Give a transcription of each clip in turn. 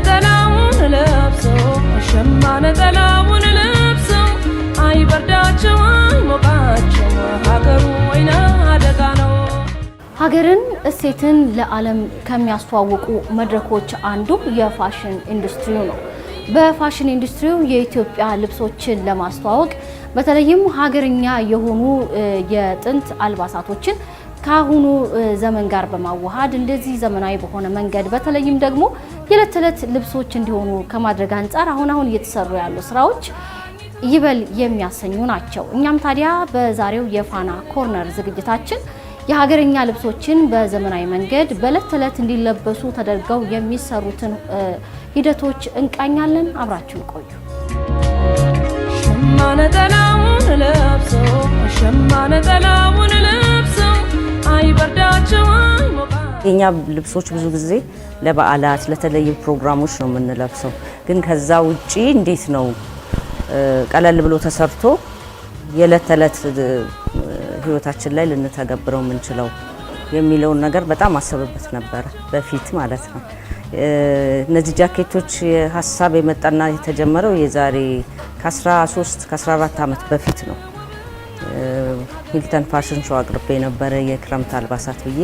ነጠላውን ለብሰው አሸማ ነጠላውን ለብሰው አይበርዳቸው አይሞቃቸው ሀገሩ ወይና አደጋ ነው። ሀገርን እሴትን ለዓለም ከሚያስተዋውቁ መድረኮች አንዱ የፋሽን ኢንዱስትሪው ነው። በፋሽን ኢንዱስትሪው የኢትዮጵያ ልብሶችን ለማስተዋወቅ በተለይም ሀገርኛ የሆኑ የጥንት አልባሳቶችን ከአሁኑ ዘመን ጋር በማዋሃድ እንደዚህ ዘመናዊ በሆነ መንገድ በተለይም ደግሞ የዕለት ተዕለት ልብሶች እንዲሆኑ ከማድረግ አንጻር አሁን አሁን እየተሰሩ ያሉ ስራዎች ይበል የሚያሰኙ ናቸው። እኛም ታዲያ በዛሬው የፋና ኮርነር ዝግጅታችን የሀገረኛ ልብሶችን በዘመናዊ መንገድ በዕለት ተዕለት እንዲለበሱ ተደርገው የሚሰሩትን ሂደቶች እንቃኛለን። አብራችሁ ቆዩ። ሸማ ነጠላውን ለብሶ ሸማ ነጠላ የእኛ ልብሶች ብዙ ጊዜ ለበዓላት ለተለየ ፕሮግራሞች ነው የምንለብሰው። ግን ከዛ ውጪ እንዴት ነው ቀለል ብሎ ተሰርቶ የዕለት ተዕለት ህይወታችን ላይ ልንተገብረው የምንችለው የሚለውን ነገር በጣም አሰብበት ነበረ፣ በፊት ማለት ነው። እነዚህ ጃኬቶች ሀሳብ የመጣና የተጀመረው የዛሬ ከ13 ከ14 ዓመት በፊት ነው። ሂልተን ፋሽን ሾው አቅርቤ የነበረ የክረምት አልባሳት ብዬ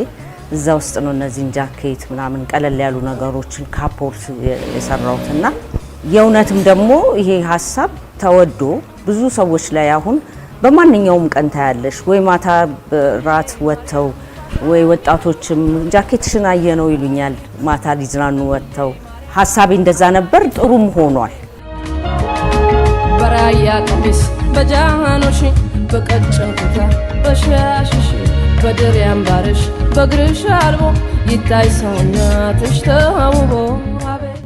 እዛ ውስጥ ነው እነዚህን ጃኬት ምናምን ቀለል ያሉ ነገሮችን ካፖርት እና የእውነትም ደግሞ ይሄ ሀሳብ ተወዶ ብዙ ሰዎች ላይ አሁን በማንኛውም ቀን ታያለሽ ወይ ማታ ራት ወጥተው ወይ ወጣቶችም ጃኬትሽን አየ ነው ይሉኛል። ማታ ሊዝናኑ ወጥተው ሀሳቤ እንደዛ ነበር። ጥሩም ሆኗል። በራያ ቀሚስ በጃኖሽ በቀጨታ በሻሽሽ በድር ያምባርሽ በግርሽ አልቦ ይታይ ሰውነትሽ ተውቦ።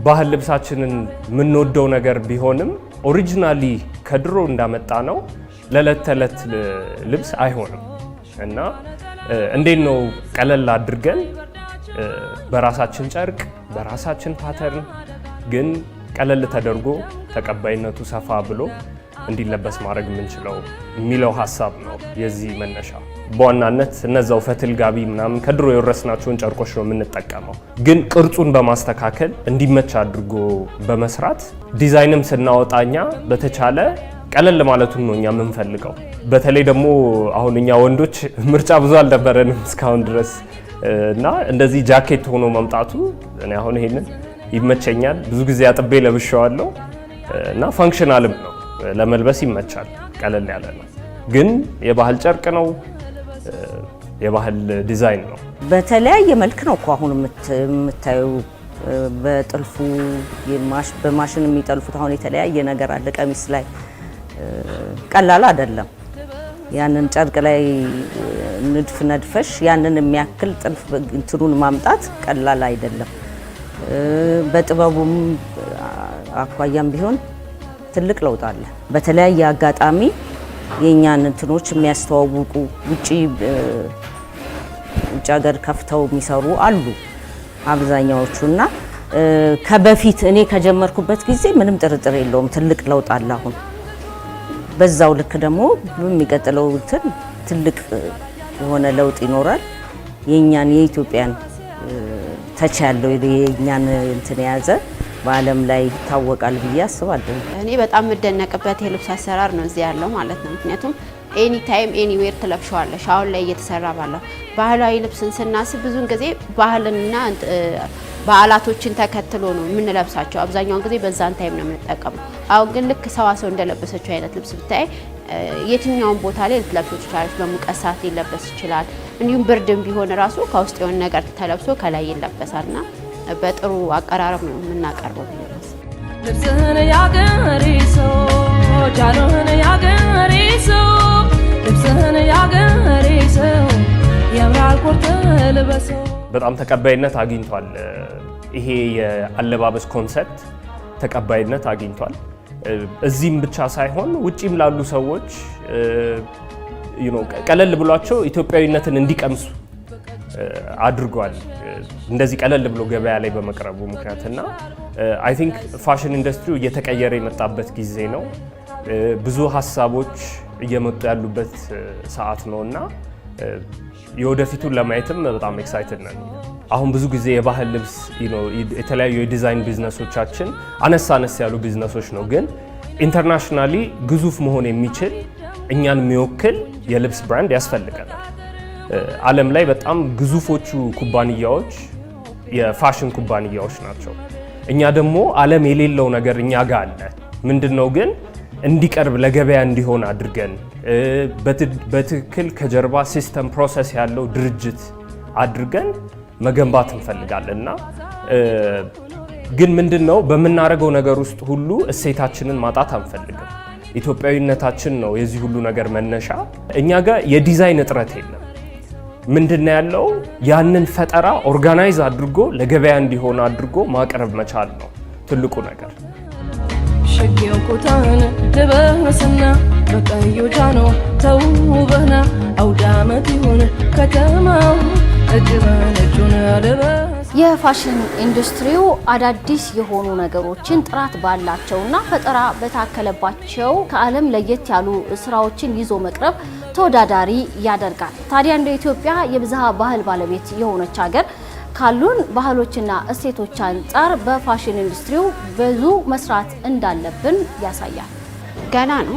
ባህል ልብሳችንን የምንወደው ነገር ቢሆንም ኦሪጂናሊ ከድሮ እንዳመጣ ነው ለዕለት ተዕለት ልብስ አይሆንም እና እንዴት ነው ቀለል አድርገን በራሳችን ጨርቅ በራሳችን ፓተርን ግን ቀለል ተደርጎ ተቀባይነቱ ሰፋ ብሎ እንዲለበስ ማድረግ የምንችለው የሚለው ሀሳብ ነው የዚህ መነሻ። በዋናነት እነዛው ፈትል ጋቢ ምናምን ከድሮ የወረስናቸውን ጨርቆች ነው የምንጠቀመው፣ ግን ቅርጹን በማስተካከል እንዲመች አድርጎ በመስራት ዲዛይንም ስናወጣኛ በተቻለ ቀለል ማለቱን ነው እኛ የምንፈልገው። በተለይ ደግሞ አሁን እኛ ወንዶች ምርጫ ብዙ አልነበረንም እስካሁን ድረስ እና እንደዚህ ጃኬት ሆኖ መምጣቱ እኔ አሁን ይሄንን ይመቸኛል። ብዙ ጊዜ አጥቤ ለብሼዋለሁ እና ፋንክሽናልም ነው። ለመልበስ ይመቻል። ቀለል ያለ ነው፣ ግን የባህል ጨርቅ ነው፣ የባህል ዲዛይን ነው። በተለያየ መልክ ነው እኮ አሁን የምታዩ በጥልፉ በማሽን የሚጠልፉት አሁን የተለያየ ነገር አለ። ቀሚስ ላይ ቀላል አይደለም። ያንን ጨርቅ ላይ ንድፍ ነድፈሽ ያንን የሚያክል ጥልፍ እንትኑን ማምጣት ቀላል አይደለም። በጥበቡም አኳያም ቢሆን ትልቅ ለውጥ አለ። በተለያየ አጋጣሚ የእኛን እንትኖች የሚያስተዋውቁ ውጭ ውጭ ሀገር ከፍተው የሚሰሩ አሉ እና ከበፊት እኔ ከጀመርኩበት ጊዜ ምንም ጥርጥር የለውም ትልቅ ለውጥ አለ። አሁን በዛው ልክ ደግሞ በሚቀጥለው እንትን ትልቅ የሆነ ለውጥ ይኖራል። የእኛን የኢትዮጵያን ተች ያለው የእኛን እንትን የያዘ በዓለም ላይ ይታወቃል ብዬ አስባለሁ። እኔ በጣም የምደነቅበት የልብስ አሰራር ነው እዚህ ያለው ማለት ነው። ምክንያቱም ኤኒ ታይም ኤኒዌር ትለብሸዋለሽ። አሁን ላይ እየተሰራ ባለው ባህላዊ ልብስን ስናስብ ብዙን ጊዜ ባህልንና በዓላቶችን ተከትሎ ነው የምንለብሳቸው። አብዛኛውን ጊዜ በዛን ታይም ነው የምንጠቀመው። አሁን ግን ልክ ሰዋ ሰው እንደለበሰችው አይነት ልብስ ብታይ የትኛውን ቦታ ላይ ልትለብሶ ትችላለች። በሙቀት ሰዓት ሊለበስ ይችላል። እንዲሁም ብርድም ቢሆን ራሱ ከውስጥ የሆነ ነገር ተለብሶ ከላይ ና በጥሩ አቀራረብ ነው የምናቀርበው ልበሰው። በጣም ተቀባይነት አግኝቷል። ይሄ የአለባበስ ኮንሰፕት ተቀባይነት አግኝቷል። እዚህም ብቻ ሳይሆን ውጪም ላሉ ሰዎች ቀለል ብሏቸው ኢትዮጵያዊነትን እንዲቀምሱ አድርጓል እንደዚህ ቀለል ብሎ ገበያ ላይ በመቅረቡ ምክንያት እና አይ ቲንክ ፋሽን ኢንዱስትሪው እየተቀየረ የመጣበት ጊዜ ነው። ብዙ ሀሳቦች እየመጡ ያሉበት ሰዓት ነው እና የወደፊቱን ለማየትም በጣም ኤክሳይትድ ነን። አሁን ብዙ ጊዜ የባህል ልብስ የተለያዩ የዲዛይን ቢዝነሶቻችን አነስ አነስ ያሉ ቢዝነሶች ነው፣ ግን ኢንተርናሽናሊ ግዙፍ መሆን የሚችል እኛን የሚወክል የልብስ ብራንድ ያስፈልገናል። ዓለም ላይ በጣም ግዙፎቹ ኩባንያዎች የፋሽን ኩባንያዎች ናቸው። እኛ ደግሞ ዓለም የሌለው ነገር እኛ ጋር አለ። ምንድን ነው ግን እንዲቀርብ ለገበያ እንዲሆን አድርገን በትክክል ከጀርባ ሲስተም ፕሮሰስ ያለው ድርጅት አድርገን መገንባት እንፈልጋለን እና ግን ምንድን ነው በምናደርገው ነገር ውስጥ ሁሉ እሴታችንን ማጣት አንፈልግም። ኢትዮጵያዊነታችን ነው የዚህ ሁሉ ነገር መነሻ። እኛ ጋር የዲዛይን እጥረት የለም። ምንድነው ያለው? ያንን ፈጠራ ኦርጋናይዝ አድርጎ ለገበያ እንዲሆን አድርጎ ማቅረብ መቻል ነው ትልቁ ነገር። የፋሽን ኢንዱስትሪው አዳዲስ የሆኑ ነገሮችን ጥራት ባላቸውና ፈጠራ በታከለባቸው ከዓለም ለየት ያሉ ስራዎችን ይዞ መቅረብ ተወዳዳሪ ያደርጋል። ታዲያ እንደ ኢትዮጵያ የብዝሃ ባህል ባለቤት የሆነች ሀገር ካሉን ባህሎችና እሴቶች አንጻር በፋሽን ኢንዱስትሪው ብዙ መስራት እንዳለብን ያሳያል። ገና ነው፣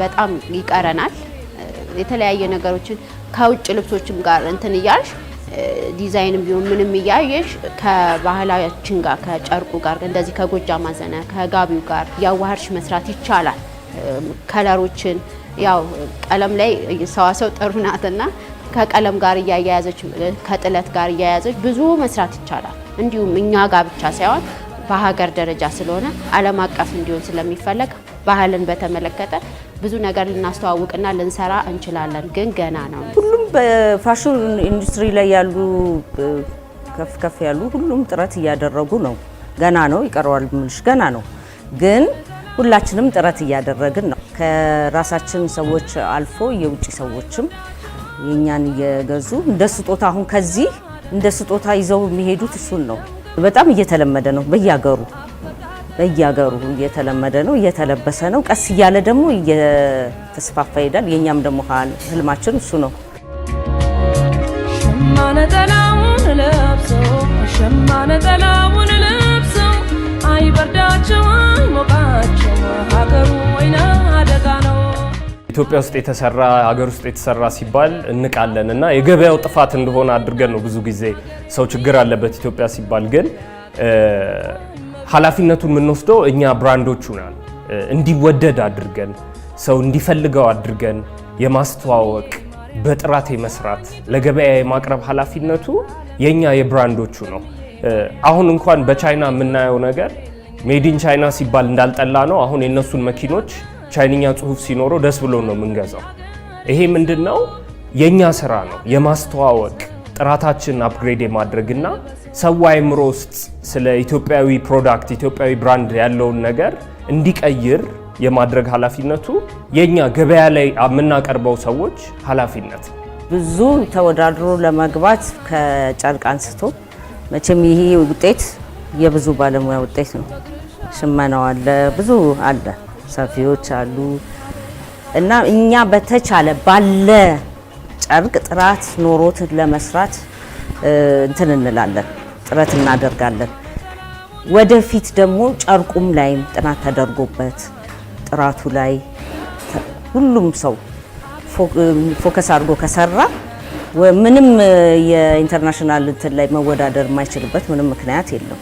በጣም ይቀረናል። የተለያየ ነገሮችን ከውጭ ልብሶችም ጋር እንትን እያልሽ ዲዛይን ቢሆን ምንም እያየሽ ከባህላችን ጋር ከጨርቁ ጋር እንደዚህ ከጎጃ ማዘነ ከጋቢው ጋር ያዋሃርሽ መስራት ይቻላል። ከለሮችን ያው ቀለም ላይ ሰዋሰው ጥሩ ናትና ከቀለም ጋር እያያያዘች ከጥለት ጋር እያያዘች ብዙ መስራት ይቻላል። እንዲሁም እኛ ጋር ብቻ ሳይሆን በሀገር ደረጃ ስለሆነ ዓለም አቀፍ እንዲሆን ስለሚፈለግ ባህልን በተመለከተ ብዙ ነገር ልናስተዋውቅና ልንሰራ እንችላለን፣ ግን ገና ነው። ሁሉም በፋሽን ኢንዱስትሪ ላይ ያሉ ከፍ ከፍ ያሉ ሁሉም ጥረት እያደረጉ ነው። ገና ነው፣ ይቀረዋል ምልሽ ገና ነው ግን ሁላችንም ጥረት እያደረግን ነው። ከራሳችን ሰዎች አልፎ የውጭ ሰዎችም የእኛን እየገዙ እንደ ስጦታ አሁን ከዚህ እንደ ስጦታ ይዘው የሚሄዱት እሱን ነው። በጣም እየተለመደ ነው በያገሩ በያገሩ እየተለመደ ነው፣ እየተለበሰ ነው። ቀስ እያለ ደግሞ እየተስፋፋ ይሄዳል። የእኛም ደግሞ ህልማችን እሱ ነው። ሸማ ነጠላውን ለብሶ ሸማ ነጠላውን ሞቃቸው ሀገሩ አደጋ ነው። ኢትዮጵያ ውስጥ የተሰራ ሀገር ውስጥ የተሰራ ሲባል እንቃለን እና የገበያው ጥፋት እንደሆነ አድርገን ነው ብዙ ጊዜ ሰው ችግር አለበት ኢትዮጵያ ሲባል ግን ኃላፊነቱን የምንወስደው እኛ ብራንዶቹ ናል እንዲወደድ አድርገን ሰው እንዲፈልገው አድርገን የማስተዋወቅ በጥራት የመስራት ለገበያ የማቅረብ ኃላፊነቱ የእኛ የብራንዶቹ ነው። አሁን እንኳን በቻይና የምናየው ነገር ሜዲን ቻይና ሲባል እንዳልጠላ ነው። አሁን የእነሱን መኪኖች ቻይንኛ ጽሑፍ ሲኖረው ደስ ብሎ ነው የምንገዛው። ይሄ ምንድን ነው? የእኛ ስራ ነው የማስተዋወቅ ጥራታችን አፕግሬድ የማድረግና ሰው አይምሮ ውስጥ ስለ ኢትዮጵያዊ ፕሮዳክት ኢትዮጵያዊ ብራንድ ያለውን ነገር እንዲቀይር የማድረግ ኃላፊነቱ የእኛ ገበያ ላይ የምናቀርበው ሰዎች ኃላፊነት ብዙ ተወዳድሮ ለመግባት ከጨርቅ አንስቶ መቼም ይህ ውጤት የብዙ ባለሙያ ውጤት ነው። ሽመናው አለ፣ ብዙ አለ፣ ሰፊዎች አሉ እና እኛ በተቻለ ባለ ጨርቅ ጥራት ኖሮት ለመስራት እንትን እንላለን፣ ጥረት እናደርጋለን። ወደፊት ደግሞ ጨርቁም ላይም ጥናት ተደርጎበት ጥራቱ ላይ ሁሉም ሰው ፎከስ አድርጎ ከሰራ ምንም የኢንተርናሽናል እንትን ላይ መወዳደር የማይችልበት ምንም ምክንያት የለም።